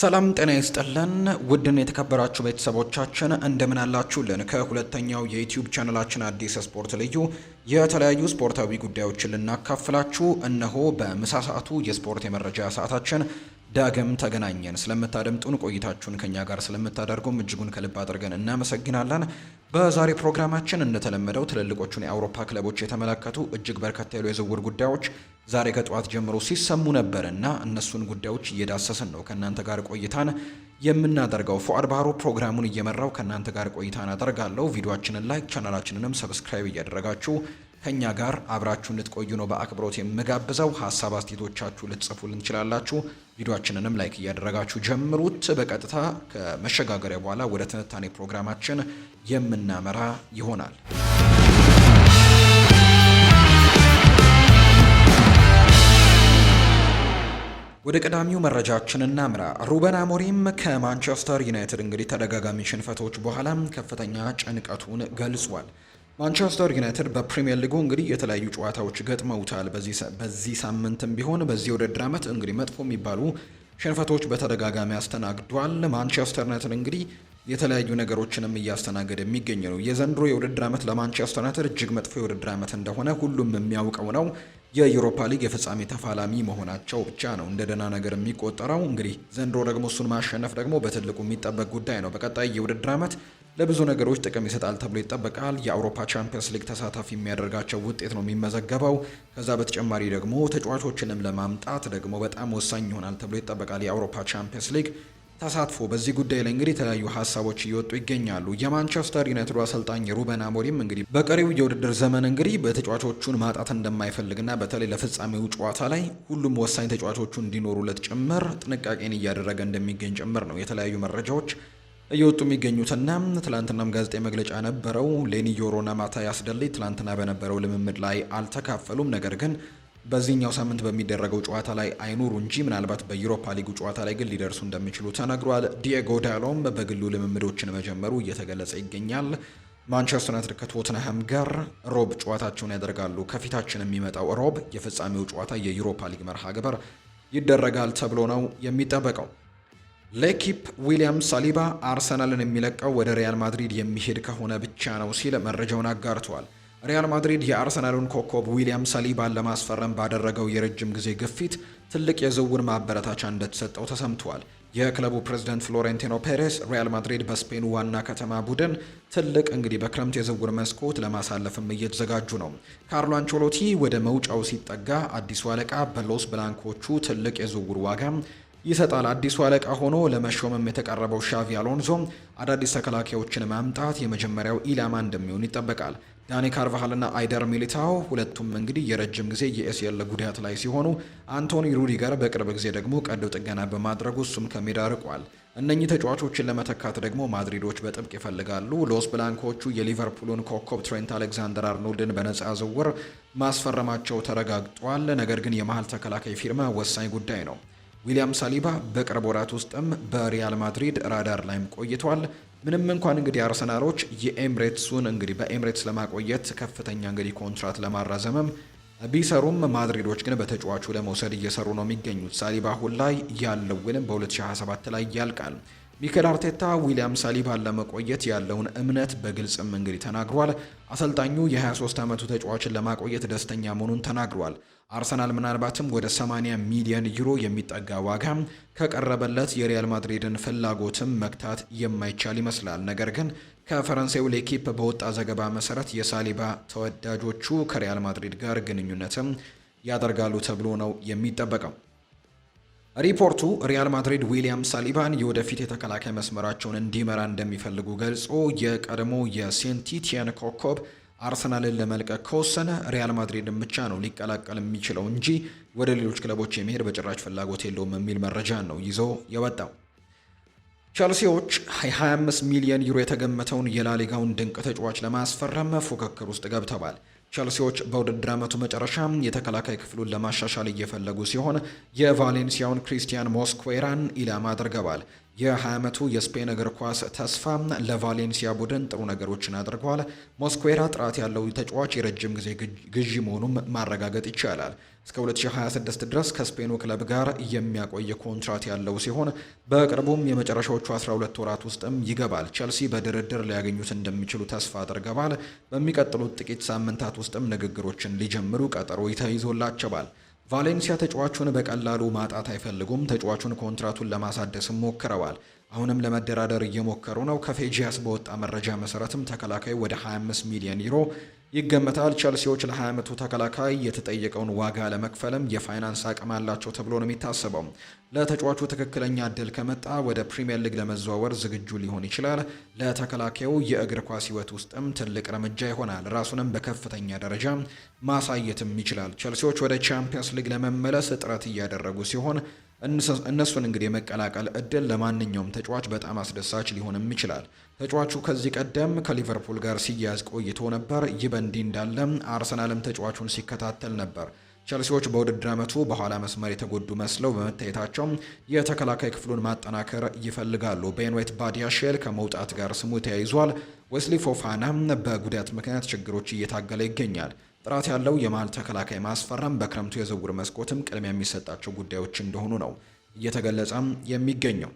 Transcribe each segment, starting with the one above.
ሰላም ጤና ይስጥልን ውድን የተከበራችሁ ቤተሰቦቻችን እንደምን አላችሁልን? ከሁለተኛው የዩትዩብ ቻነላችን አዲስ ስፖርት ልዩ የተለያዩ ስፖርታዊ ጉዳዮችን ልናካፍላችሁ እነሆ በምሳ ሰዓቱ የስፖርት የመረጃ ሰዓታችን ዳግም ተገናኘን። ስለምታደምጡን ቆይታችሁን ከኛ ጋር ስለምታደርጉም እጅጉን ከልብ አድርገን እናመሰግናለን። በዛሬ ፕሮግራማችን እንደተለመደው ትልልቆቹን የአውሮፓ ክለቦች የተመለከቱ እጅግ በርከት ያሉ የዝውውር ጉዳዮች ዛሬ ከጠዋት ጀምሮ ሲሰሙ ነበር እና እነሱን ጉዳዮች እየዳሰስን ነው ከእናንተ ጋር ቆይታን የምናደርገው። ፉአድ ባህሩ ፕሮግራሙን እየመራው ከእናንተ ጋር ቆይታን አደርጋለሁ። ቪዲዮችንን ላይክ ቻናላችንንም ሰብስክራይብ እያደረጋችሁ ከእኛ ጋር አብራችሁ እንድትቆዩ ነው በአክብሮት የምጋብዘው። ሀሳብ አስቴቶቻችሁ ልትጽፉልን ትችላላችሁ። ቪዲዮችንንም ላይክ እያደረጋችሁ ጀምሩት። በቀጥታ ከመሸጋገሪያ በኋላ ወደ ትንታኔ ፕሮግራማችን የምናመራ ይሆናል። ወደ ቀዳሚው መረጃችን እናምራ። ሩበን አሞሪም ከማንቸስተር ዩናይትድ እንግዲህ ተደጋጋሚ ሽንፈቶች በኋላም ከፍተኛ ጭንቀቱን ገልጿል። ማንቸስተር ዩናይትድ በፕሪምየር ሊጉ እንግዲህ የተለያዩ ጨዋታዎች ገጥመውታል። በዚህ ሳምንትም ቢሆን በዚህ ውድድር ዓመት እንግዲህ መጥፎ የሚባሉ ሽንፈቶች በተደጋጋሚ አስተናግዷል። ማንቸስተር ዩናይትድ እንግዲህ የተለያዩ ነገሮችንም እያስተናገደ የሚገኝ ነው። የዘንድሮ የውድድር ዓመት ለማንቸስተር ዩናይትድ እጅግ መጥፎ የውድድር ዓመት እንደሆነ ሁሉም የሚያውቀው ነው። የዩሮፓ ሊግ የፍጻሜ ተፋላሚ መሆናቸው ብቻ ነው እንደ ደህና ነገር የሚቆጠረው። እንግዲህ ዘንድሮ ደግሞ እሱን ማሸነፍ ደግሞ በትልቁ የሚጠበቅ ጉዳይ ነው። በቀጣይ የውድድር ዓመት ለብዙ ነገሮች ጥቅም ይሰጣል ተብሎ ይጠበቃል። የአውሮፓ ቻምፒየንስ ሊግ ተሳታፊ የሚያደርጋቸው ውጤት ነው የሚመዘገበው። ከዛ በተጨማሪ ደግሞ ተጫዋቾችንም ለማምጣት ደግሞ በጣም ወሳኝ ይሆናል ተብሎ ይጠበቃል የአውሮፓ ቻምፒየንስ ሊግ ተሳትፎ በዚህ ጉዳይ ላይ እንግዲህ የተለያዩ ሀሳቦች እየወጡ ይገኛሉ። የማንቸስተር ዩናይትዱ አሰልጣኝ ሩበን አሞሪም እንግዲህ በቀሪው የውድድር ዘመን እንግዲህ በተጫዋቾቹን ማጣት እንደማይፈልግና በተለይ ለፍጻሜው ጨዋታ ላይ ሁሉም ወሳኝ ተጫዋቾቹ እንዲኖሩለት ጭምር ጥንቃቄን እያደረገ እንደሚገኝ ጭምር ነው የተለያዩ መረጃዎች እየወጡ የሚገኙትና ትላንትናም ጋዜጣዊ መግለጫ ነበረው። ሌኒ ዮሮና ማታ ያስደልይ ትላንትና በነበረው ልምምድ ላይ አልተካፈሉም ነገር ግን በዚህኛው ሳምንት በሚደረገው ጨዋታ ላይ አይኑሩ እንጂ ምናልባት በዩሮፓ ሊጉ ጨዋታ ላይ ግን ሊደርሱ እንደሚችሉ ተነግሯል። ዲየጎ ዳሎም በግሉ ልምምዶችን መጀመሩ እየተገለጸ ይገኛል። ማንቸስተር ዩናይትድ ከቶትንሃም ጋር ሮብ ጨዋታቸውን ያደርጋሉ። ከፊታችን የሚመጣው ሮብ የፍጻሜው ጨዋታ የዩሮፓ ሊግ መርሃ ግበር ይደረጋል ተብሎ ነው የሚጠበቀው። ለኪፕ ዊሊያም ሳሊባ አርሰናልን የሚለቀው ወደ ሪያል ማድሪድ የሚሄድ ከሆነ ብቻ ነው ሲል መረጃውን አጋርተዋል። ሪያል ማድሪድ የአርሰናሉን ኮከብ ዊሊያም ሰሊባን ለማስፈረም ባደረገው የረጅም ጊዜ ግፊት ትልቅ የዝውውር ማበረታቻ እንደተሰጠው ተሰምቷል። የክለቡ ፕሬዝዳንት ፍሎሬንቲኖ ፔሬስ ሪያል ማድሪድ በስፔኑ ዋና ከተማ ቡድን ትልቅ እንግዲህ በክረምት የዝውውር መስኮት ለማሳለፍም እየተዘጋጁ ነው። ካርሎ አንቾሎቲ ወደ መውጫው ሲጠጋ አዲሱ አለቃ በሎስ ብላንኮቹ ትልቅ የዝውውር ዋጋ ይሰጣል። አዲሱ አለቃ ሆኖ ለመሾምም የተቀረበው ሻቪ አሎንዞ አዳዲስ ተከላካዮችን ማምጣት የመጀመሪያው ኢላማ እንደሚሆን ይጠበቃል። ዳኒ ካርቫሃልና አይደር ሚሊታው ሁለቱም እንግዲህ የረጅም ጊዜ የኤስኤል ጉዳት ላይ ሲሆኑ አንቶኒ ሩዲገር በቅርብ ጊዜ ደግሞ ቀዶ ጥገና በማድረጉ እሱም ከሜዳ ርቋል። እነኚህ ተጫዋቾችን ለመተካት ደግሞ ማድሪዶች በጥብቅ ይፈልጋሉ። ሎስ ብላንኮቹ የሊቨርፑሉን ኮከብ ትሬንት አሌክዛንደር አርኖልድን በነጻ ዝውውር ማስፈረማቸው ተረጋግጧል። ነገር ግን የመሀል ተከላካይ ፊርማ ወሳኝ ጉዳይ ነው። ዊሊያም ሳሊባ በቅርብ ወራት ውስጥም በሪያል ማድሪድ ራዳር ላይም ቆይተዋል። ምንም እንኳን እንግዲህ አርሰናሎች የኤምሬትሱን እንግዲህ በኤምሬትስ ለማቆየት ከፍተኛ እንግዲህ ኮንትራት ለማራዘምም ቢሰሩም ማድሪዶች ግን በተጫዋቹ ለመውሰድ እየሰሩ ነው የሚገኙት። ሳሊባ አሁን ላይ ያለው ውልም በ2027 ላይ ያልቃል። ሚኬል አርቴታ ዊሊያም ሳሊባን ለመቆየት ያለውን እምነት በግልጽም እንግዲህ ተናግሯል። አሰልጣኙ የ23 ዓመቱ ተጫዋችን ለማቆየት ደስተኛ መሆኑን ተናግሯል። አርሰናል ምናልባትም ወደ 80 ሚሊዮን ዩሮ የሚጠጋ ዋጋ ከቀረበለት የሪያል ማድሪድን ፍላጎትም መግታት የማይቻል ይመስላል። ነገር ግን ከፈረንሳዩ ሌኪፕ በወጣ ዘገባ መሰረት የሳሊባ ተወዳጆቹ ከሪያል ማድሪድ ጋር ግንኙነትም ያደርጋሉ ተብሎ ነው የሚጠበቀው። ሪፖርቱ ሪያል ማድሪድ ዊሊያም ሳሊባን የወደፊት የተከላካይ መስመራቸውን እንዲመራ እንደሚፈልጉ ገልጾ የቀድሞ የሴንቲቲያን ኮከብ አርሰናልን ለመልቀቅ ከወሰነ ሪያል ማድሪድን ብቻ ነው ሊቀላቀል የሚችለው እንጂ ወደ ሌሎች ክለቦች የሚሄድ በጭራሽ ፍላጎት የለውም የሚል መረጃ ነው ይዞ የወጣው። ቸልሲዎች 25 ሚሊዮን ዩሮ የተገመተውን የላሊጋውን ድንቅ ተጫዋች ለማስፈረም ፉክክር ውስጥ ገብተዋል። ቸልሲዎች በውድድር ዓመቱ መጨረሻ የተከላካይ ክፍሉን ለማሻሻል እየፈለጉ ሲሆን የቫሌንሲያውን ክሪስቲያን ሞስኩዌራን ኢላማ አድርገዋል። የ20 ዓመቱ የስፔን እግር ኳስ ተስፋ ለቫሌንሲያ ቡድን ጥሩ ነገሮችን አድርጓል። ሞስኩዌራ ጥራት ያለው ተጫዋች የረጅም ጊዜ ግዢ መሆኑም ማረጋገጥ ይቻላል። እስከ 2026 ድረስ ከስፔኑ ክለብ ጋር የሚያቆይ ኮንትራት ያለው ሲሆን በቅርቡም የመጨረሻዎቹ 12 ወራት ውስጥም ይገባል። ቸልሲ በድርድር ሊያገኙት እንደሚችሉ ተስፋ አድርገዋል። በሚቀጥሉት ጥቂት ሳምንታት ውስጥም ንግግሮችን ሊጀምሩ ቀጠሮ ተይዞላቸዋል። ቫሌንሲያ ተጫዋቹን በቀላሉ ማጣት አይፈልጉም። ተጫዋቹን ኮንትራቱን ለማሳደስም ሞክረዋል። አሁንም ለመደራደር እየሞከሩ ነው። ከፌጂያስ በወጣ መረጃ መሰረትም ተከላካይ ወደ 25 ሚሊዮን ዩሮ ይገመታል። ቸልሲዎች ለ20 ዓመቱ ተከላካይ የተጠየቀውን ዋጋ ለመክፈልም የፋይናንስ አቅም አላቸው ተብሎ ነው የሚታሰበው። ለተጫዋቹ ትክክለኛ እድል ከመጣ ወደ ፕሪምየር ሊግ ለመዘዋወር ዝግጁ ሊሆን ይችላል። ለተከላካዩ የእግር ኳስ ሕይወት ውስጥም ትልቅ እርምጃ ይሆናል። ራሱንም በከፍተኛ ደረጃ ማሳየትም ይችላል። ቸልሲዎች ወደ ቻምፒየንስ ሊግ ለመመለስ ጥረት እያደረጉ ሲሆን እነሱን እንግዲህ የመቀላቀል እድል ለማንኛውም ተጫዋች በጣም አስደሳች ሊሆንም ይችላል። ተጫዋቹ ከዚህ ቀደም ከሊቨርፑል ጋር ሲያያዝ ቆይቶ ነበር። ይህ በእንዲህ እንዳለ አርሰናልም ተጫዋቹን ሲከታተል ነበር። ቸልሲዎች በውድድር ዓመቱ በኋላ መስመር የተጎዱ መስለው በመታየታቸው የተከላካይ ክፍሉን ማጠናከር ይፈልጋሉ። ቤንዌት ባዲያሼል ከመውጣት ጋር ስሙ ተያይዟል። ወስሊ ፎፋና በጉዳት ምክንያት ችግሮች እየታገለ ይገኛል። ጥራት ያለው የመሃል ተከላካይ ማስፈረም በክረምቱ የዝውውር መስኮትም ቅድሚያ የሚሰጣቸው ጉዳዮች እንደሆኑ ነው እየተገለጸም የሚገኘው።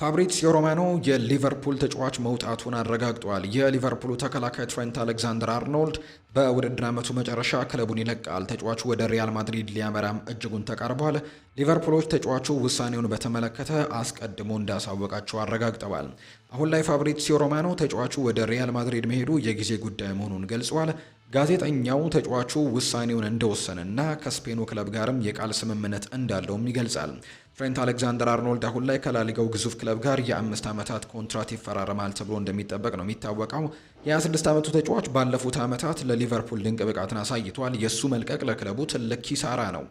ፋብሪሲዮ ሮማኖ የሊቨርፑል ተጫዋች መውጣቱን አረጋግጧል። የሊቨርፑሉ ተከላካይ ትሬንት አሌክዛንደር አርኖልድ በውድድር ዓመቱ መጨረሻ ክለቡን ይለቃል። ተጫዋቹ ወደ ሪያል ማድሪድ ሊያመራም እጅጉን ተቃርቧል። ሊቨርፑሎች ተጫዋቹ ውሳኔውን በተመለከተ አስቀድሞ እንዳሳወቃቸው አረጋግጠዋል። አሁን ላይ ፋብሪሲዮ ሮማኖ ተጫዋቹ ወደ ሪያል ማድሪድ መሄዱ የጊዜ ጉዳይ መሆኑን ገልጿል። ጋዜጠኛው ተጫዋቹ ውሳኔውን እንደወሰነና ከስፔኑ ክለብ ጋርም የቃል ስምምነት እንዳለውም ይገልጻል። ትሬንት አሌክዛንደር አርኖልድ አሁን ላይ ከላሊጋው ግዙፍ ክለብ ጋር የአምስት ዓመታት ኮንትራት ይፈራረማል ተብሎ እንደሚጠበቅ ነው የሚታወቀው። የ26 ዓመቱ ተጫዋች ባለፉት ዓመታት ለሊቨርፑል ድንቅ ብቃትን አሳይቷል። የእሱ መልቀቅ ለክለቡ ትልቅ ኪሳራ ነው።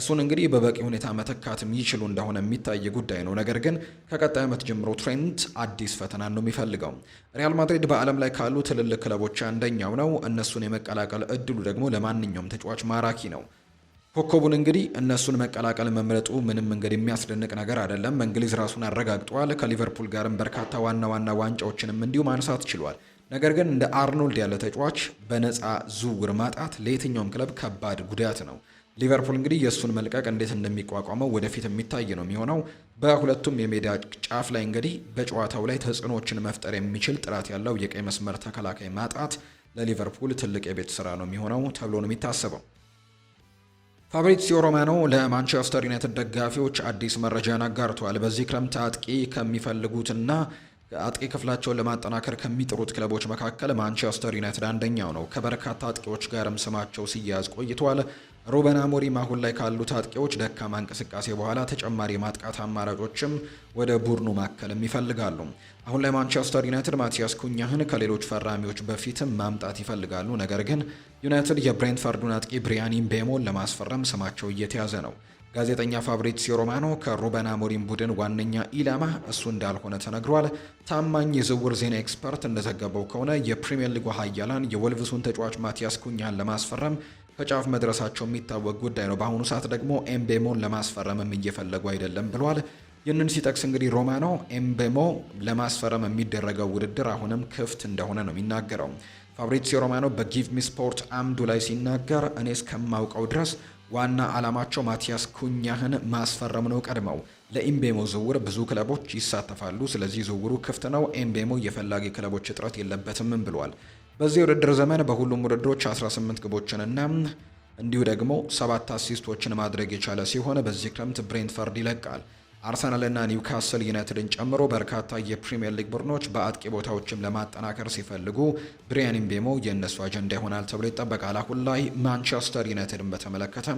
እሱን እንግዲህ በበቂ ሁኔታ መተካትም ይችሉ እንደሆነ የሚታይ ጉዳይ ነው። ነገር ግን ከቀጣይ ዓመት ጀምሮ ትሬንት አዲስ ፈተና ነው የሚፈልገው። ሪያል ማድሪድ በዓለም ላይ ካሉ ትልልቅ ክለቦች አንደኛው ነው። እነሱን የመቀላቀል እድሉ ደግሞ ለማንኛውም ተጫዋች ማራኪ ነው። ኮከቡን እንግዲህ እነሱን መቀላቀል መምረጡ ምንም እንግዲህ የሚያስደንቅ ነገር አይደለም። በእንግሊዝ ራሱን አረጋግጧል። ከሊቨርፑል ጋርም በርካታ ዋና ዋና ዋንጫዎችንም እንዲሁ ማንሳት ችሏል። ነገር ግን እንደ አርኖልድ ያለ ተጫዋች በነፃ ዝውውር ማጣት ለየትኛውም ክለብ ከባድ ጉዳት ነው። ሊቨርፑል እንግዲህ የእሱን መልቀቅ እንዴት እንደሚቋቋመው ወደፊት የሚታይ ነው የሚሆነው። በሁለቱም የሜዳ ጫፍ ላይ እንግዲህ በጨዋታው ላይ ተጽዕኖዎችን መፍጠር የሚችል ጥራት ያለው የቀይ መስመር ተከላካይ ማጣት ለሊቨርፑል ትልቅ የቤት ስራ ነው የሚሆነው ተብሎ ነው የሚታሰበው። ፋብሪዚዮ ሮማኖ ለማንቸስተር ዩናይትድ ደጋፊዎች አዲስ መረጃን አጋርቷል። በዚህ ክረምት አጥቂ ከሚፈልጉትና አጥቂ ክፍላቸውን ለማጠናከር ከሚጥሩት ክለቦች መካከል ማንቸስተር ዩናይትድ አንደኛው ነው። ከበርካታ አጥቂዎች ጋርም ስማቸው ሲያያዝ ቆይቷል። ሩበን አሞሪም አሁን ላይ ካሉት አጥቂዎች ደካማ እንቅስቃሴ በኋላ ተጨማሪ ማጥቃት አማራጮችም ወደ ቡድኑ ማከልም ይፈልጋሉ። አሁን ላይ ማንቸስተር ዩናይትድ ማቲያስ ኩኛህን ከሌሎች ፈራሚዎች በፊትም ማምጣት ይፈልጋሉ። ነገር ግን ዩናይትድ የብሬንትፈርዱን አጥቂ ብሪያኒን ቤሞን ለማስፈረም ስማቸው እየተያዘ ነው። ጋዜጠኛ ፋብሪዚዮ ሮማኖ ከሩበን አሞሪም ቡድን ዋነኛ ኢላማ እሱ እንዳልሆነ ተነግሯል። ታማኝ የዝውውር ዜና ኤክስፐርት እንደዘገበው ከሆነ የፕሪምየር ሊጉ ኃያላን የወልቭሱን ተጫዋች ማቲያስ ኩኛህን ለማስፈረም ከጫፍ መድረሳቸው የሚታወቅ ጉዳይ ነው። በአሁኑ ሰዓት ደግሞ ኤምቤሞን ለማስፈረምም እየፈለጉ አይደለም ብሏል። ይህንን ሲጠቅስ እንግዲህ ሮማኖ ኤምቤሞ ለማስፈረም የሚደረገው ውድድር አሁንም ክፍት እንደሆነ ነው የሚናገረው። ፋብሪዚዮ ሮማኖ በጊቭ ሚ ስፖርት አምዱ ላይ ሲናገር እኔ እስከማውቀው ድረስ ዋና ዓላማቸው ማቲያስ ኩኛህን ማስፈረም ነው። ቀድመው ለኢምቤሞ ዝውውር ብዙ ክለቦች ይሳተፋሉ። ስለዚህ ዝውውሩ ክፍት ነው። ኤምቤሞ የፈላጊ ክለቦች እጥረት የለበትምም ብሏል። በዚህ የውድድር ዘመን በሁሉም ውድድሮች 18 ግቦችንና እንዲሁ ደግሞ ሰባት አሲስቶችን ማድረግ የቻለ ሲሆን በዚህ ክረምት ብሬንትፈርድ ይለቃል። አርሰናልና ኒውካስል ዩናይትድን ጨምሮ በርካታ የፕሪምየር ሊግ ቡድኖች በአጥቂ ቦታዎችም ለማጠናከር ሲፈልጉ ብሪያን ምቤሞ የእነሱ አጀንዳ ይሆናል ተብሎ ይጠበቃል። አሁን ላይ ማንቸስተር ዩናይትድን በተመለከተ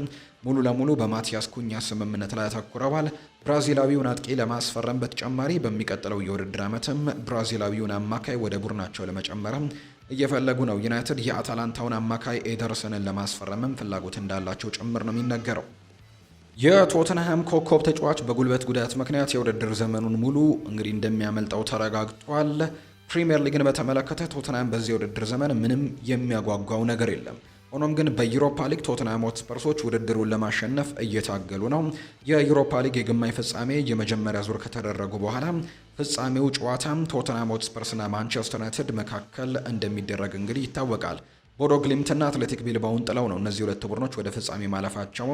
ሙሉ ለሙሉ በማቲያስ ኩኛ ስምምነት ላይ አተኩረዋል። ብራዚላዊውን አጥቂ ለማስፈረም በተጨማሪ በሚቀጥለው የውድድር ዓመትም ብራዚላዊውን አማካይ ወደ ቡድናቸው ለመጨመርም እየፈለጉ ነው። ዩናይትድ የአታላንታውን አማካይ ኤደርሰንን ለማስፈረምም ፍላጎት እንዳላቸው ጭምር ነው የሚነገረው። የቶተንሃም ኮከብ ተጫዋች በጉልበት ጉዳት ምክንያት የውድድር ዘመኑን ሙሉ እንግዲህ እንደሚያመልጠው ተረጋግጧል። ፕሪምየር ሊግን በተመለከተ ቶተንሃም በዚህ የውድድር ዘመን ምንም የሚያጓጓው ነገር የለም። ሆኖም ግን በዩሮፓ ሊግ ቶትናም ሆትስፐርሶች ውድድሩን ለማሸነፍ እየታገሉ ነው። የዩሮፓ ሊግ የግማሽ ፍጻሜ የመጀመሪያ ዙር ከተደረጉ በኋላ ፍጻሜው ጨዋታ ቶትናም ሆትስፐርስና ማንቸስተር ዩናይትድ መካከል እንደሚደረግ እንግዲህ ይታወቃል። ቦዶ ግሊምትና አትሌቲክ ቢልባውን ጥለው ነው እነዚህ ሁለት ቡድኖች ወደ ፍጻሜ ማለፋቸው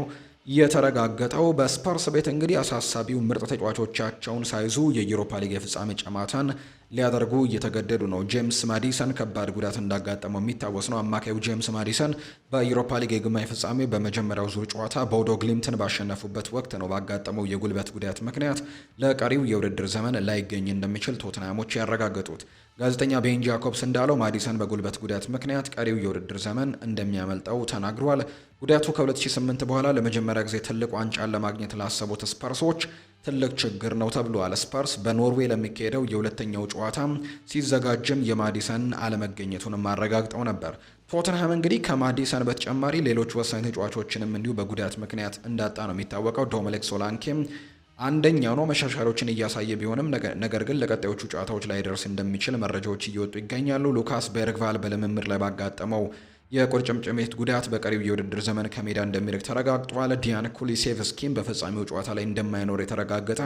የተረጋገጠው በስፐርስ ቤት እንግዲህ አሳሳቢው ምርጥ ተጫዋቾቻቸውን ሳይዙ የዩሮፓ ሊግ የፍጻሜ ጨማታን ሊያደርጉ እየተገደዱ ነው። ጄምስ ማዲሰን ከባድ ጉዳት እንዳጋጠመው የሚታወስ ነው። አማካዩ ጄምስ ማዲሰን በዩሮፓ ሊግ የግማሽ ፍጻሜ በመጀመሪያው ዙር ጨዋታ ቦዶ ግሊምትን ባሸነፉበት ወቅት ነው ባጋጠመው የጉልበት ጉዳት ምክንያት ለቀሪው የውድድር ዘመን ላይገኝ እንደሚችል ቶትናሞች ያረጋገጡት። ጋዜጠኛ ቤን እንዳለው ማዲሰን በጉልበት ጉዳት ምክንያት ቀሪው የውድድር ዘመን እንደሚያመልጠው ተናግሯል። ጉዳቱ ከ2008 በኋላ ለመጀመሪያ ጊዜ ትልቅ ዋንጫን ለማግኘት ላሰቡት ስፐርሶች ትልቅ ችግር ነው ተብሏል። ስፐርስ በኖርዌይ ለሚካሄደው የሁለተኛው ጨዋታ ሲዘጋጅም የማዲሰን አለመገኘቱንም አረጋግጠው ነበር። ቶተንሃም እንግዲህ ከማዲሰን በተጨማሪ ሌሎች ወሳኝ ተጫዋቾችንም እንዲሁ በጉዳት ምክንያት እንዳጣ ነው የሚታወቀው። ዶሜሌክ ሶላንኬም አንደኛው ነው። መሻሻሎችን እያሳየ ቢሆንም ነገር ግን ለቀጣዮቹ ጨዋታዎች ላይ ደርስ እንደሚችል መረጃዎች እየወጡ ይገኛሉ። ሉካስ በርግቫል በልምምድ ላይ ባጋጠመው የቁርጭምጭሚት ጉዳት በቀሪው የውድድር ዘመን ከሜዳ እንደሚርቅ ተረጋግጧል። ዲያን ኩሊሴቭስኪም በፍጻሜው ጨዋታ ላይ እንደማይኖር የተረጋገጠ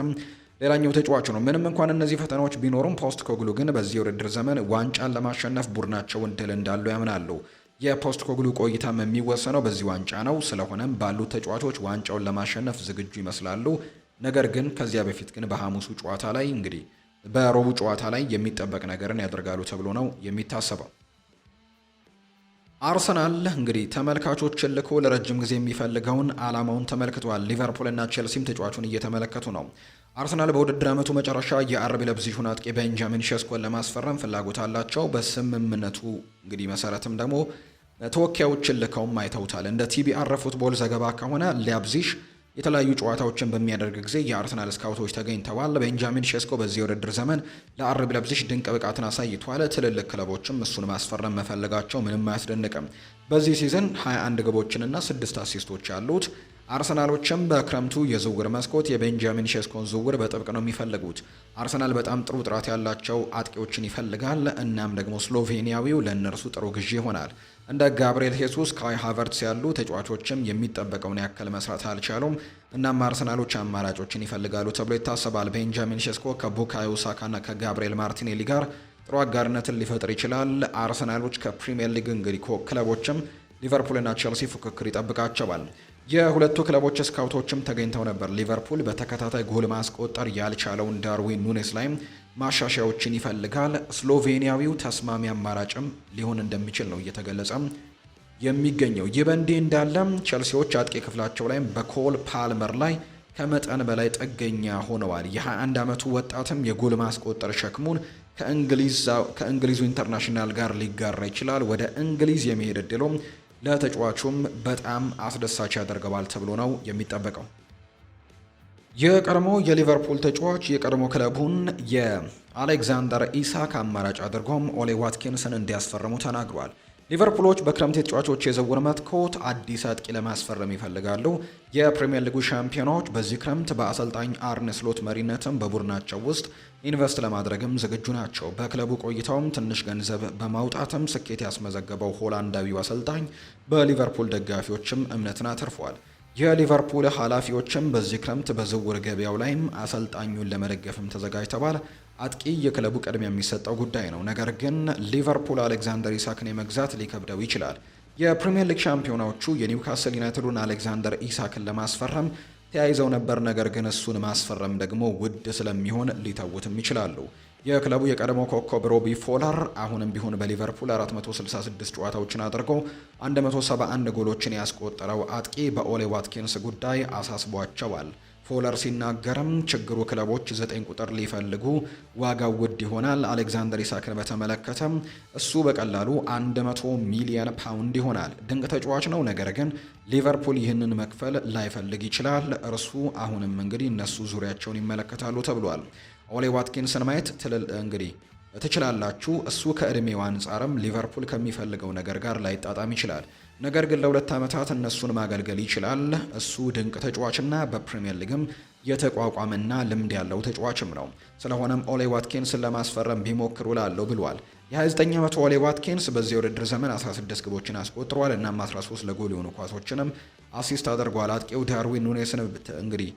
ሌላኛው ተጫዋቹ ነው። ምንም እንኳን እነዚህ ፈተናዎች ቢኖሩም ፖስት ኮግሉ ግን በዚህ የውድድር ዘመን ዋንጫን ለማሸነፍ ቡድናቸውን ድል እንዳሉ ያምናሉ። የፖስት ኮግሉ ቆይታም የሚወሰነው በዚህ ዋንጫ ነው። ስለሆነም ባሉት ተጫዋቾች ዋንጫውን ለማሸነፍ ዝግጁ ይመስላሉ። ነገር ግን ከዚያ በፊት ግን በሐሙሱ ጨዋታ ላይ እንግዲህ በሮቡ ጨዋታ ላይ የሚጠበቅ ነገርን ያደርጋሉ ተብሎ ነው የሚታሰበው። አርሰናል እንግዲህ ተመልካቾችን ልኮ ለረጅም ጊዜ የሚፈልገውን አላማውን ተመልክቷል። ሊቨርፑልና ቼልሲም ተጫዋቹን እየተመለከቱ ነው። አርሰናል በውድድር ዓመቱ መጨረሻ የአርቢ ለብዚሹን አጥቂ ቤንጃሚን ሸስኮን ለማስፈረም ፍላጎት አላቸው። በስምምነቱ እንግዲህ መሰረትም ደግሞ ተወካዮችን ልከውም አይተውታል። እንደ ቲቢአር ፉትቦል ዘገባ ከሆነ ሊያብዚሽ የተለያዩ ጨዋታዎችን በሚያደርግ ጊዜ የአርሰናል ስካውቶች ተገኝተዋል። ቤንጃሚን ሼስኮ በዚህ የውድድር ዘመን ለአርቢ ለብዚሽ ድንቅ ብቃትን አሳይቷል። ትልልቅ ክለቦችም እሱን ማስፈረም መፈለጋቸው ምንም አያስደንቅም። በዚህ ሲዝን 21 ግቦችንና ስድስት አሲስቶች ያሉት አርሰናሎችም በክረምቱ የዝውውር መስኮት የቤንጃሚን ሼስኮን ዝውውር በጥብቅ ነው የሚፈልጉት። አርሰናል በጣም ጥሩ ጥራት ያላቸው አጥቂዎችን ይፈልጋል። እናም ደግሞ ስሎቬኒያዊው ለእነርሱ ጥሩ ግዢ ይሆናል። እንደ ጋብርኤል ሄሱስ፣ ካይ ሃቨርትስ ያሉ ተጫዋቾችም የሚጠበቀውን ያክል መስራት አልቻሉም። እናም አርሰናሎች አማራጮችን ይፈልጋሉ ተብሎ ይታሰባል። ቤንጃሚን ሸስኮ ከቡካዮ ሳካና ከጋብርኤል ማርቲኔሊ ጋር ጥሩ አጋርነትን ሊፈጥር ይችላል። አርሰናሎች ከፕሪምየር ሊግ እንግዲህ ክለቦችም ሊቨርፑልና ቸልሲ ፉክክር ይጠብቃቸዋል። የሁለቱ ክለቦች ስካውቶችም ተገኝተው ነበር። ሊቨርፑል በተከታታይ ጎል ማስቆጠር ያልቻለውን ዳርዊን ኑኔስ ላይም ማሻሻያዎችን ይፈልጋል። ስሎቬኒያዊው ተስማሚ አማራጭም ሊሆን እንደሚችል ነው እየተገለጸ የሚገኘው። ይህ በእንዲህ እንዳለ ቸልሲዎች አጥቂ ክፍላቸው ላይም በኮል ፓልመር ላይ ከመጠን በላይ ጥገኛ ሆነዋል። የ21 ዓመቱ ወጣትም የጎል ማስቆጠር ሸክሙን ከእንግሊዙ ኢንተርናሽናል ጋር ሊጋራ ይችላል። ወደ እንግሊዝ የመሄድ እድሉም ለተጫዋቹም በጣም አስደሳች ያደርገዋል ተብሎ ነው የሚጠበቀው። የቀድሞ የሊቨርፑል ተጫዋች የቀድሞ ክለቡን የአሌክዛንደር ኢሳክ አማራጭ አድርጎም ኦሌ ዋትኪንስን እንዲያስፈርሙ ተናግሯል። ሊቨርፑሎች በክረምት የተጫዋቾች የዝውውር መስኮት አዲስ አጥቂ ለማስፈረም ይፈልጋሉ። የፕሪምየር ሊጉ ሻምፒዮናዎች በዚህ ክረምት በአሰልጣኝ አርነ ስሎት መሪነትም በቡድናቸው ውስጥ ኢንቨስት ለማድረግም ዝግጁ ናቸው። በክለቡ ቆይታውም ትንሽ ገንዘብ በማውጣትም ስኬት ያስመዘገበው ሆላንዳዊው አሰልጣኝ በሊቨርፑል ደጋፊዎችም እምነትን አትርፏል። የሊቨርፑል ኃላፊዎችም በዚህ ክረምት በዝውውር ገበያው ላይም አሰልጣኙን ለመደገፍም ተዘጋጅተዋል። አጥቂ የክለቡ ቅድሚያ የሚሰጠው ጉዳይ ነው። ነገር ግን ሊቨርፑል አሌክዛንደር ኢሳክን የመግዛት ሊከብደው ይችላል። የፕሪምየር ሊግ ሻምፒዮናዎቹ የኒውካስል ዩናይትዱን አሌክዛንደር ኢሳክን ለማስፈረም ተያይዘው ነበር። ነገር ግን እሱን ማስፈረም ደግሞ ውድ ስለሚሆን ሊተውትም ይችላሉ። የክለቡ የቀድሞ ኮከብ ሮቢ ፎለር አሁንም ቢሆን በሊቨርፑል 466 ጨዋታዎችን አድርጎ 171 ጎሎችን ያስቆጠረው አጥቂ በኦሌ ዋትኪንስ ጉዳይ አሳስቧቸዋል። ፎለር ሲናገርም ችግሩ ክለቦች ዘጠኝ ቁጥር ሊፈልጉ ዋጋው ውድ ይሆናል። አሌክዛንደር ኢሳክን በተመለከተም እሱ በቀላሉ 100 መቶ ሚሊየን ፓውንድ ይሆናል። ድንቅ ተጫዋች ነው፣ ነገር ግን ሊቨርፑል ይህንን መክፈል ላይፈልግ ይችላል። እርሱ አሁንም እንግዲህ እነሱ ዙሪያቸውን ይመለከታሉ ተብሏል። ኦሌ ዋትኪንስን ማየት ትልል እንግዲህ ትችላላችሁ። እሱ ከእድሜው አንጻርም ሊቨርፑል ከሚፈልገው ነገር ጋር ላይጣጣም ይችላል። ነገር ግን ለሁለት ዓመታት እነሱን ማገልገል ይችላል። እሱ ድንቅ ተጫዋችና በፕሪምየር ሊግም የተቋቋመና ልምድ ያለው ተጫዋችም ነው። ስለሆነም ኦሌ ዋትኪንስን ለማስፈረም ቢሞክሩ ላለው ብሏል። የ29 ዓመቱ ኦሌ ዋትኪንስ በዚህ የውድድር ዘመን 16 ግቦችን አስቆጥሯል። እናም 13 ለጎል የሆኑ ኳሶችንም አሲስት አድርጓል። አጥቂው ዳርዊን ኑኔስን እንግዲህ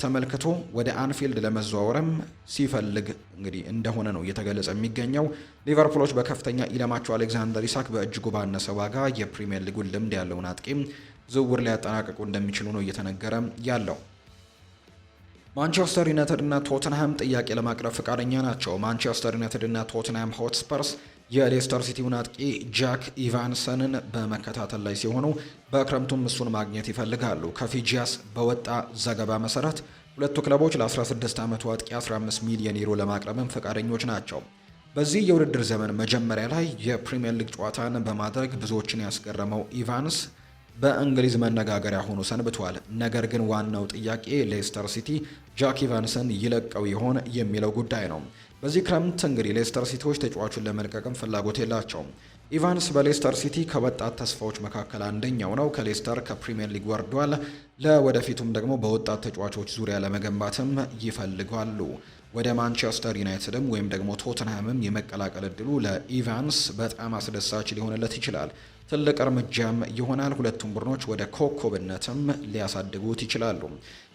ተመልክቶ ወደ አንፊልድ ለመዘዋወርም ሲፈልግ እንግዲህ እንደሆነ ነው እየተገለጸ የሚገኘው። ሊቨርፑሎች በከፍተኛ ኢላማቸው አሌክዛንደር ኢሳክ በእጅጉ ባነሰ ዋጋ የፕሪምየር ሊጉን ልምድ ያለውን አጥቂም ዝውውር ሊያጠናቅቁ እንደሚችሉ ነው እየተነገረ ያለው። ማንቸስተር ዩናይትድ እና ቶትንሃም ጥያቄ ለማቅረብ ፈቃደኛ ናቸው። ማንቸስተር ዩናይትድ እና ቶትንሃም ሆትስፐርስ የሌስተር ሲቲውን አጥቂ ጃክ ኢቫንሰንን በመከታተል ላይ ሲሆኑ በክረምቱም እሱን ማግኘት ይፈልጋሉ። ከፊጂያስ በወጣ ዘገባ መሰረት ሁለቱ ክለቦች ለ16 ዓመቱ አጥቂ 15 ሚሊዮን ዩሮ ለማቅረብም ፈቃደኞች ናቸው። በዚህ የውድድር ዘመን መጀመሪያ ላይ የፕሪምየር ሊግ ጨዋታን በማድረግ ብዙዎችን ያስገረመው ኢቫንስ በእንግሊዝ መነጋገሪያ ሆኖ ሰንብቷል። ነገር ግን ዋናው ጥያቄ ሌስተር ሲቲ ጃክ ኢቫንስን ይለቀው ይሆን የሚለው ጉዳይ ነው። በዚህ ክረምት እንግዲህ ሌስተር ሲቲዎች ተጫዋቹን ለመልቀቅም ፍላጎት የላቸውም። ኢቫንስ በሌስተር ሲቲ ከወጣት ተስፋዎች መካከል አንደኛው ነው። ከሌስተር ከፕሪምየር ሊግ ወርዷል። ለወደፊቱም ደግሞ በወጣት ተጫዋቾች ዙሪያ ለመገንባትም ይፈልጋሉ። ወደ ማንቸስተር ዩናይትድም ወይም ደግሞ ቶትንሃምም የመቀላቀል እድሉ ለኢቫንስ በጣም አስደሳች ሊሆንለት ይችላል። ትልቅ እርምጃም ይሆናል። ሁለቱም ቡድኖች ወደ ኮከብነትም ሊያሳድጉት ይችላሉ።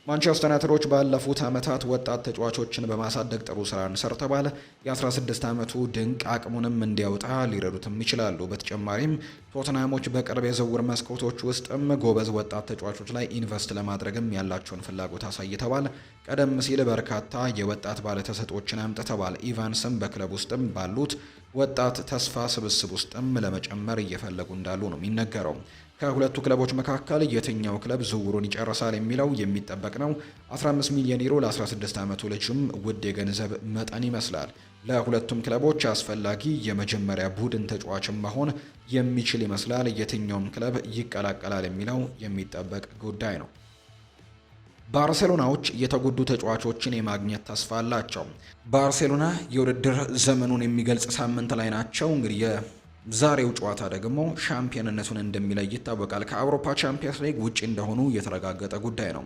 ማንቸስተር ዩናይትዶች ባለፉት ዓመታት ወጣት ተጫዋቾችን በማሳደግ ጥሩ ስራን ሰርተዋል። የ16 ዓመቱ ድንቅ አቅሙንም እንዲያወጣ ሊረዱትም ይችላሉ። በተጨማሪም ቶትናሞች በቅርብ የዝውውር መስኮቶች ውስጥም ጎበዝ ወጣት ተጫዋቾች ላይ ኢንቨስት ለማድረግም ያላቸውን ፍላጎት አሳይተዋል። ቀደም ሲል በርካታ የወጣት ባለተሰጦችን አምጥተዋል። ኢቫንስም በክለብ ውስጥም ባሉት ወጣት ተስፋ ስብስብ ውስጥም ለመጨመር እየፈለጉ እንዳሉ ነው የሚነገረው። ከሁለቱ ክለቦች መካከል የትኛው ክለብ ዝውውሩን ይጨርሳል የሚለው የሚጠበቅ ነው። 15 ሚሊዮን ዩሮ ለ16 ዓመቱ ልጅም ውድ የገንዘብ መጠን ይመስላል። ለሁለቱም ክለቦች አስፈላጊ የመጀመሪያ ቡድን ተጫዋችም መሆን የሚችል ይመስላል። የትኛውም ክለብ ይቀላቀላል የሚለው የሚጠበቅ ጉዳይ ነው። ባርሴሎናዎች የተጎዱ ተጫዋቾችን የማግኘት ተስፋ አላቸው። ባርሴሎና የውድድር ዘመኑን የሚገልጽ ሳምንት ላይ ናቸው እንግዲህ ዛሬው ጨዋታ ደግሞ ሻምፒዮንነቱን እንደሚለይ ይታወቃል። ከአውሮፓ ቻምፒየንስ ሊግ ውጪ እንደሆኑ የተረጋገጠ ጉዳይ ነው።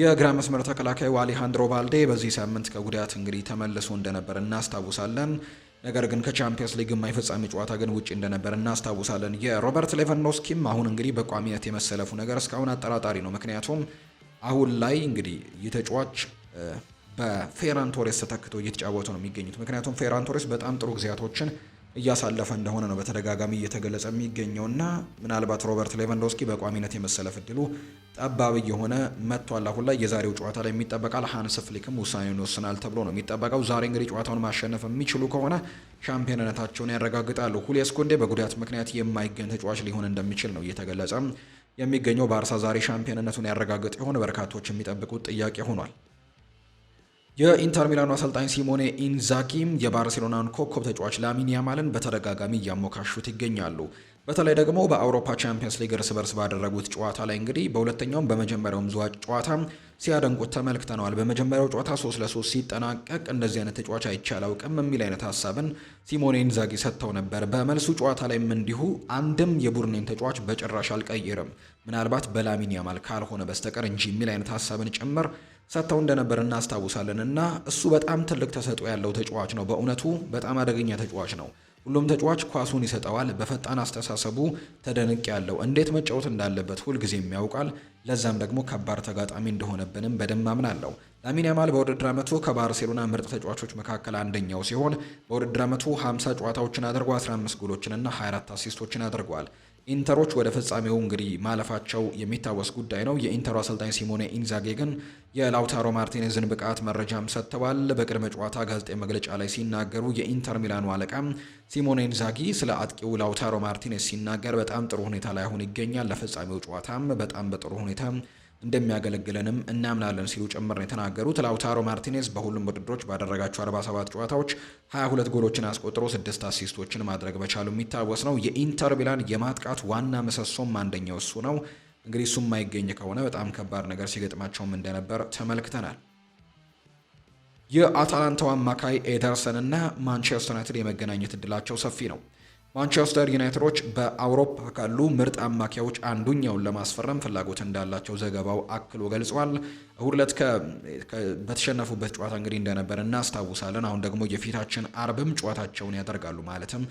የግራ መስመር ተከላካዩ አሊሃንድሮ ባልዴ በዚህ ሳምንት ከጉዳት እንግዲህ ተመልሶ እንደነበር እናስታውሳለን። ነገር ግን ከቻምፒየንስ ሊግ የማይፈጻሚ ጨዋታ ግን ውጪ እንደነበር እናስታውሳለን። የሮበርት ሌቫንዶስኪም አሁን እንግዲህ በቋሚነት የመሰለፉ ነገር እስካሁን አጠራጣሪ ነው። ምክንያቱም አሁን ላይ እንግዲህ የተጫዋች በፌራን ቶሬስ ተተክቶ እየተጫወቱ ነው የሚገኙት። ምክንያቱም ፌራን ቶሬስ በጣም ጥሩ ጊዜያቶችን እያሳለፈ እንደሆነ ነው በተደጋጋሚ እየተገለጸ የሚገኘውና ምናልባት ሮበርት ሌቫንዶስኪ በቋሚነት የመሰለፍ እድሉ ጠባብ እየሆነ መጥቷል። አሁን ላይ የዛሬው ጨዋታ ላይ የሚጠበቃል። ሃንስ ፍሊክም ውሳኔውን ይወስናል ተብሎ ነው የሚጠበቀው። ዛሬ እንግዲህ ጨዋታውን ማሸነፍ የሚችሉ ከሆነ ሻምፒዮንነታቸውን ያረጋግጣሉ። ሁሌስ ኮንዴ በጉዳት ምክንያት የማይገኝ ተጫዋች ሊሆን እንደሚችል ነው እየተገለጸ የሚገኘው። ባርሳ ዛሬ ሻምፒዮንነቱን ያረጋግጥ የሆነ በርካቶች የሚጠብቁት ጥያቄ ሆኗል። የኢንተር ሚላኑ አሰልጣኝ ሲሞኔ ኢንዛጊም የባርሴሎናን ኮከብ ተጫዋች ላሚን ያማልን በተደጋጋሚ እያሞካሹት ይገኛሉ። በተለይ ደግሞ በአውሮፓ ቻምፒየንስ ሊግ እርስ በርስ ባደረጉት ጨዋታ ላይ እንግዲህ በሁለተኛውም በመጀመሪያውም ዘዋ ጨዋታ ሲያደንቁት ተመልክተነዋል። በመጀመሪያው ጨዋታ ሶስት ለሶስት ሲጠናቀቅ እንደዚህ አይነት ተጫዋች አይቼ አላውቅም የሚል አይነት ሀሳብን ሲሞኔ ኢንዛጊ ሰጥተው ነበር። በመልሱ ጨዋታ ላይም እንዲሁ አንድም የቡድኔን ተጫዋች በጭራሽ አልቀይርም ምናልባት በላሚን ያማል ካልሆነ በስተቀር እንጂ የሚል አይነት ሀሳብን ጭምር ሰጥተው እንደነበር እናስታውሳለን እና እሱ በጣም ትልቅ ተሰጥኦ ያለው ተጫዋች ነው። በእውነቱ በጣም አደገኛ ተጫዋች ነው። ሁሉም ተጫዋች ኳሱን ይሰጠዋል። በፈጣን አስተሳሰቡ ተደንቅ ያለው እንዴት መጫወት እንዳለበት ሁልጊዜም ያውቃል። ለዛም ደግሞ ከባድ ተጋጣሚ እንደሆነብንም በደንብ አምናለሁ። ላሚን ያማል በውድድር አመቱ ከባርሴሎና ምርጥ ተጫዋቾች መካከል አንደኛው ሲሆን በውድድር አመቱ 50 ጨዋታዎችን አድርጎ 15 ጎሎችንና 24 አሲስቶችን አድርጓል። ኢንተሮች ወደ ፍጻሜው እንግዲህ ማለፋቸው የሚታወስ ጉዳይ ነው። የኢንተሩ አሰልጣኝ ሲሞኔ ኢንዛጌ ግን የላውታሮ ማርቲኔዝን ብቃት መረጃም ሰጥተዋል። በቅድመ ጨዋታ ጋዜጣዊ መግለጫ ላይ ሲናገሩ የኢንተር ሚላኑ አለቃ ሲሞኔ ኢንዛጊ ስለ አጥቂው ላውታሮ ማርቲኔዝ ሲናገር በጣም ጥሩ ሁኔታ ላይ አሁን ይገኛል። ለፍጻሜው ጨዋታም በጣም በጥሩ ሁኔታ እንደሚያገለግለንም እናምናለን ሲሉ ጭምር ነው የተናገሩት። ላውታሮ ማርቲኔዝ በሁሉም ውድድሮች ባደረጋቸው 47 ጨዋታዎች 22 ጎሎችን አስቆጥሮ ስድስት አሲስቶችን ማድረግ መቻሉ የሚታወስ ነው። የኢንተር ሚላን የማጥቃት ዋና ምሰሶም አንደኛው እሱ ነው። እንግዲህ እሱ የማይገኝ ከሆነ በጣም ከባድ ነገር ሲገጥማቸውም እንደነበር ተመልክተናል። የአታላንታው አማካይ ኤደርሰን እና ማንቸስተር ዩናይትድ የመገናኘት እድላቸው ሰፊ ነው። ማንቸስተር ዩናይትዶች በአውሮፓ ካሉ ምርጥ አማካዮች አንዱኛውን ለማስፈረም ፍላጎት እንዳላቸው ዘገባው አክሎ ገልጿል። እሁድ ዕለት በተሸነፉበት ጨዋታ እንግዲህ እንደነበር እናስታውሳለን። አሁን ደግሞ የፊታችን አርብም ጨዋታቸውን ያደርጋሉ ማለትም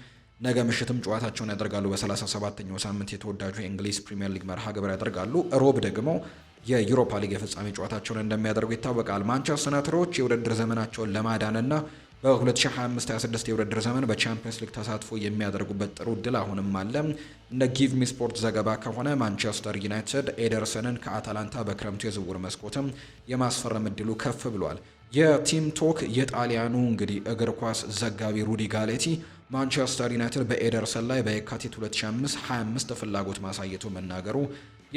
ነገ ምሽትም ጨዋታቸውን ያደርጋሉ። በ37ኛው ሳምንት የተወዳጁ የእንግሊዝ ፕሪምየር ሊግ መርሃ ግብር ያደርጋሉ። ሮብ ደግሞ የዩሮፓ ሊግ የፍጻሜ ጨዋታቸውን እንደሚያደርጉ ይታወቃል። ማንቸስተር ዩናይትዶች የውድድር ዘመናቸውን ለማዳንና በ2025/26 የውድድር ዘመን በቻምፒየንስ ሊግ ተሳትፎ የሚያደርጉበት ጥሩ እድል አሁንም አለ። እንደ ጊቭ ሚ ስፖርት ዘገባ ከሆነ ማንቸስተር ዩናይትድ ኤደርሰንን ከአታላንታ በክረምቱ የዝውውር መስኮትም የማስፈረም እድሉ ከፍ ብሏል። የቲም ቶክ የጣሊያኑ እንግዲህ እግር ኳስ ዘጋቢ ሩዲ ጋሌቲ ማንቸስተር ዩናይትድ በኤደርሰን ላይ በየካቲት 2025 25 ፍላጎት ማሳየቱ መናገሩ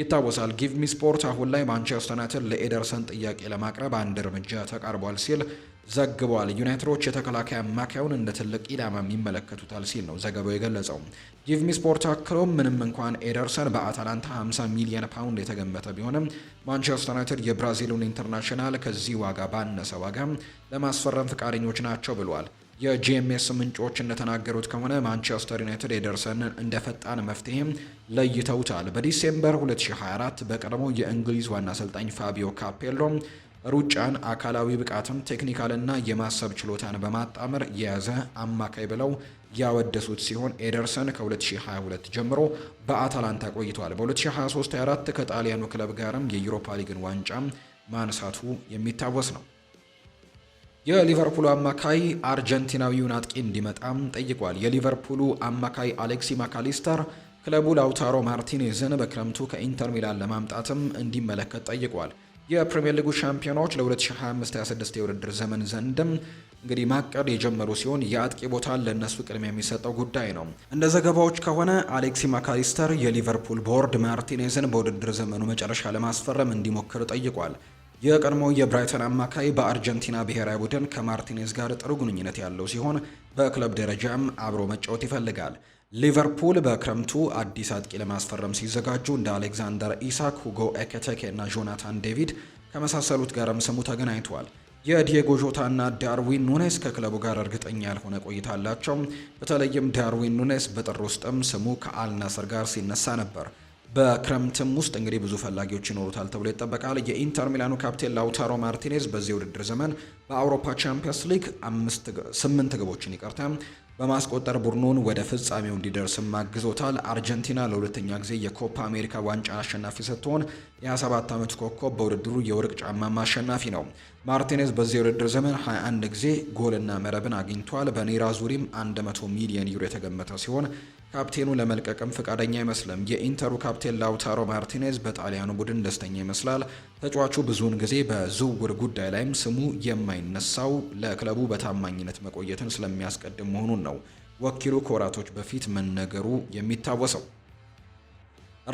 ይታወሳል። ጊቭ ሚ ስፖርት አሁን ላይ ማንቸስተር ዩናይትድ ለኤደርሰን ጥያቄ ለማቅረብ አንድ እርምጃ ተቃርቧል ሲል ዘግቧል። ዩናይትዶች የተከላካይ አማካዩን እንደ ትልቅ ኢላማም ይመለከቱታል ሲል ነው ዘገባው የገለጸው። ጂቭሚ ስፖርት አክሎም ምንም እንኳን ኤደርሰን በአታላንታ 50 ሚሊየን ፓውንድ የተገመተ ቢሆንም ማንቸስተር ዩናይትድ የብራዚሉን ኢንተርናሽናል ከዚህ ዋጋ ባነሰ ዋጋ ለማስፈረም ፈቃደኞች ናቸው ብሏል። የጂኤምኤስ ምንጮች እንደተናገሩት ከሆነ ማንቸስተር ዩናይትድ ኤደርሰንን እንደ ፈጣን መፍትሄም ለይተውታል። በዲሴምበር 2024 በቀድሞ የእንግሊዝ ዋና አሰልጣኝ ፋቢዮ ካፔሎ ሩጫን፣ አካላዊ ብቃትን፣ ቴክኒካልና የማሰብ ችሎታን በማጣመር የያዘ አማካይ ብለው ያወደሱት ሲሆን ኤደርሰን ከ2022 ጀምሮ በአታላንታ ቆይቷል። በ2023/24 ከጣሊያኑ ክለብ ጋርም የዩሮፓ ሊግን ዋንጫ ማንሳቱ የሚታወስ ነው። የሊቨርፑሉ አማካይ አርጀንቲናዊውን አጥቂ እንዲመጣም ጠይቋል። የሊቨርፑሉ አማካይ አሌክሲ ማካሊስተር ክለቡ ላውታሮ ማርቲኔዝን በክረምቱ ከኢንተር ሚላን ለማምጣትም እንዲመለከት ጠይቋል። የፕሪምየር ሊጉ ሻምፒዮናዎች ለ2025/26 የውድድር ዘመን ዘንድም እንግዲህ ማቀድ የጀመሩ ሲሆን የአጥቂ ቦታ ለእነሱ ቅድሚያ የሚሰጠው ጉዳይ ነው። እንደ ዘገባዎች ከሆነ አሌክሲ ማካሊስተር የሊቨርፑል ቦርድ ማርቲኔዝን በውድድር ዘመኑ መጨረሻ ለማስፈረም እንዲሞክር ጠይቋል። የቀድሞ የብራይተን አማካይ በአርጀንቲና ብሔራዊ ቡድን ከማርቲኔዝ ጋር ጥሩ ግንኙነት ያለው ሲሆን በክለብ ደረጃም አብሮ መጫወት ይፈልጋል። ሊቨርፑል በክረምቱ አዲስ አጥቂ ለማስፈረም ሲዘጋጁ እንደ አሌክዛንደር ኢሳክ፣ ሁጎ ኤኬቴኬ እና ጆናታን ዴቪድ ከመሳሰሉት ጋርም ስሙ ተገናኝተዋል። የዲየጎ ጆታና ዳርዊን ኑኔስ ከክለቡ ጋር እርግጠኛ ያልሆነ ቆይታ አላቸው። በተለይም ዳርዊን ኑኔስ በጥር ውስጥም ስሙ ከአልናስር ጋር ሲነሳ ነበር። በክረምትም ውስጥ እንግዲህ ብዙ ፈላጊዎች ይኖሩታል ተብሎ ይጠበቃል። የኢንተር ሚላኑ ካፕቴን ላውታሮ ማርቲኔዝ በዚህ ውድድር ዘመን በአውሮፓ ቻምፒየንስ ሊግ ስምንት ግቦችን ይቀርታ በማስቆጠር ቡድኑን ወደ ፍጻሜው እንዲደርስም አግዞታል። አርጀንቲና ለሁለተኛ ጊዜ የኮፓ አሜሪካ ዋንጫ አሸናፊ ስትሆን የ27 ዓመቱ ኮከብ በውድድሩ የወርቅ ጫማም አሸናፊ ነው። ማርቲኔዝ በዚህ የውድድር ዘመን 21 ጊዜ ጎልና መረብን አግኝቷል። በኔራ ዙሪም 100 ሚሊዮን ዩሮ የተገመተ ሲሆን ካፕቴኑ ለመልቀቅም ፈቃደኛ አይመስልም። የኢንተሩ ካፕቴን ላውታሮ ማርቲኔዝ በጣሊያኑ ቡድን ደስተኛ ይመስላል። ተጫዋቹ ብዙውን ጊዜ በዝውውር ጉዳይ ላይም ስሙ የማይነሳው ለክለቡ በታማኝነት መቆየትን ስለሚያስቀድም መሆኑን ነው ነው ወኪሉ ከወራቶች በፊት መነገሩ የሚታወሰው።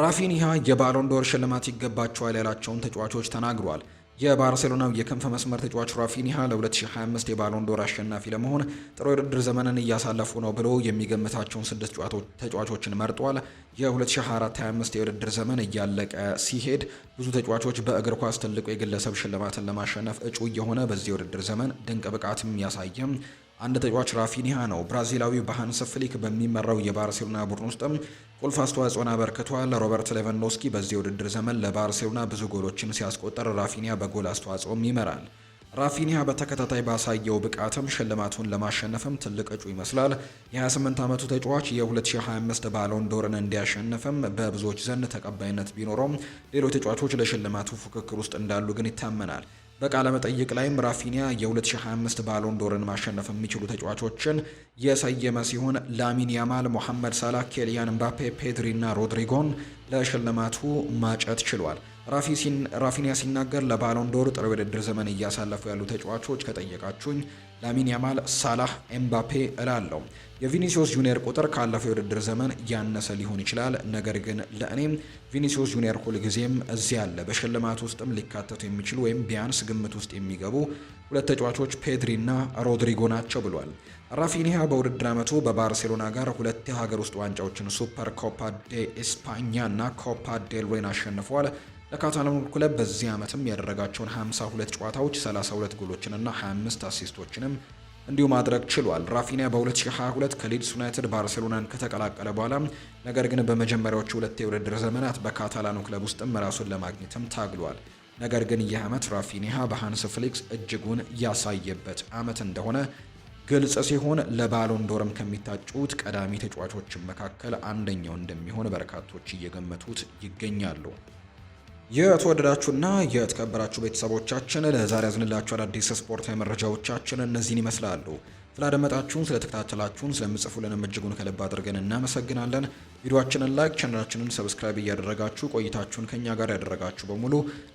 ራፊኒሃ የባሎንዶር ሽልማት ይገባቸዋል ያላቸውን ተጫዋቾች ተናግሯል። የባርሴሎናው የክንፍ መስመር ተጫዋች ራፊኒሃ ለ2025 የባሎንዶር አሸናፊ ለመሆን ጥሩ የውድድር ዘመንን እያሳለፉ ነው ብሎ የሚገምታቸውን ስድስት ተጫዋቾችን መርጧል። የ2024/25 የውድድር ዘመን እያለቀ ሲሄድ ብዙ ተጫዋቾች በእግር ኳስ ትልቁ የግለሰብ ሽልማትን ለማሸነፍ እጩ እየሆነ በዚህ የውድድር ዘመን ድንቅ ብቃትም ያሳየም አንድ ተጫዋች ራፊኒሃ ነው። ብራዚላዊው በሃንስ ፍሊክ በሚመራው የባርሴሎና ቡድን ውስጥም ቁልፍ አስተዋጽኦን አበርክቷል። ሮበርት ሌቫንዶስኪ በዚህ የውድድር ዘመን ለባርሴሎና ብዙ ጎሎችን ሲያስቆጠር ራፊኒያ በጎል አስተዋጽኦም ይመራል። ራፊኒያ በተከታታይ ባሳየው ብቃትም ሽልማቱን ለማሸነፍም ትልቅ እጩ ይመስላል። የ28 ዓመቱ ተጫዋች የ2025 ባሎን ዶርን እንዲያሸንፍም በብዙዎች ዘንድ ተቀባይነት ቢኖረውም ሌሎች ተጫዋቾች ለሽልማቱ ፉክክር ውስጥ እንዳሉ ግን ይታመናል። በቃለ መጠይቅ ላይም ራፊኒያ የ2025 ባሎን ዶርን ማሸነፍ የሚችሉ ተጫዋቾችን የሰየመ ሲሆን ላሚን ያማል፣ ሞሐመድ ሳላህ፣ ኬልያን ምባፔ፣ ፔድሪ እና ሮድሪጎን ለሽልማቱ ማጨት ችሏል። ራፊኒያ ሲናገር ለባሎን ዶር ጥሩ የውድድር ዘመን እያሳለፉ ያሉ ተጫዋቾች ከጠየቃችሁኝ ላሚን ያማል፣ ሳላህ፣ ኤምባፔ እላለሁ። የቪኒሲዮስ ጁኒየር ቁጥር ካለፈው የውድድር ዘመን ያነሰ ሊሆን ይችላል። ነገር ግን ለእኔም ቪኒሲዮስ ጁኒየር ሁልጊዜም እዚህ አለ። በሽልማት ውስጥም ሊካተቱ የሚችሉ ወይም ቢያንስ ግምት ውስጥ የሚገቡ ሁለት ተጫዋቾች ፔድሪና ሮድሪጎ ናቸው ብሏል። ራፊኒያ በውድድር ዓመቱ በባርሴሎና ጋር ሁለት የሀገር ውስጥ ዋንጫዎችን ሱፐር ኮፓ ዴ ኢስፓኛና ኮፓ ዴል ሬን አሸንፏል። ለካታላኑ ክለብ በዚህ ዓመትም ያደረጋቸውን 52 ጨዋታዎች 32 ጎሎችንና 25 አሲስቶችንም እንዲሁ ማድረግ ችሏል። ራፊኒያ በ2022 ከሊድስ ዩናይትድ ባርሴሎናን ከተቀላቀለ በኋላ ነገር ግን በመጀመሪያዎቹ ሁለት የውድድር ዘመናት በካታላኑ ክለብ ውስጥም ራሱን ለማግኘትም ታግሏል። ነገር ግን ይህ ዓመት ራፊኒያ በሃንስ ፍሊክስ እጅጉን ያሳየበት ዓመት እንደሆነ ግልጽ ሲሆን ለባሎን ዶርም ከሚታጩት ቀዳሚ ተጫዋቾች መካከል አንደኛው እንደሚሆን በርካቶች እየገመቱት ይገኛሉ። የተወደዳችሁና የተከበራችሁ ቤተሰቦቻችን ለዛሬ ያዝንላችሁ አዳዲስ ስፖርታዊ መረጃዎቻችን እነዚህን ይመስላሉ። ስላደመጣችሁን፣ ስለተከታተላችሁን፣ ስለምጽፉልን እጅጉን ከልብ አድርገን እናመሰግናለን። ቪዲዮችንን ላይክ፣ ቻናላችንን ሰብስክራይብ እያደረጋችሁ ቆይታችሁን ከእኛ ጋር ያደረጋችሁ በሙሉ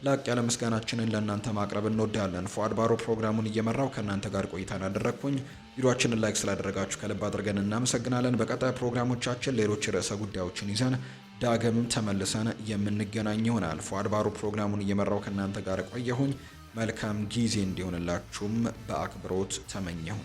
ላቅ ያለ ምስጋናችንን ለእናንተ ማቅረብ እንወዳለን። ፉአድ ባሮ ፕሮግራሙን እየመራው ከእናንተ ጋር ቆይታን ያደረግኩኝ። ቪዲዮችንን ላይክ ስላደረጋችሁ ከልብ አድርገን እናመሰግናለን። በቀጣይ ፕሮግራሞቻችን ሌሎች ርዕሰ ጉዳዮችን ይዘን ዳግም ተመልሰን የምንገናኝ ይሆናል። አድባሩ ፕሮግራሙን እየመራው ከእናንተ ጋር ቆየሁኝ። መልካም ጊዜ እንዲሆንላችሁም በአክብሮት ተመኘሁ።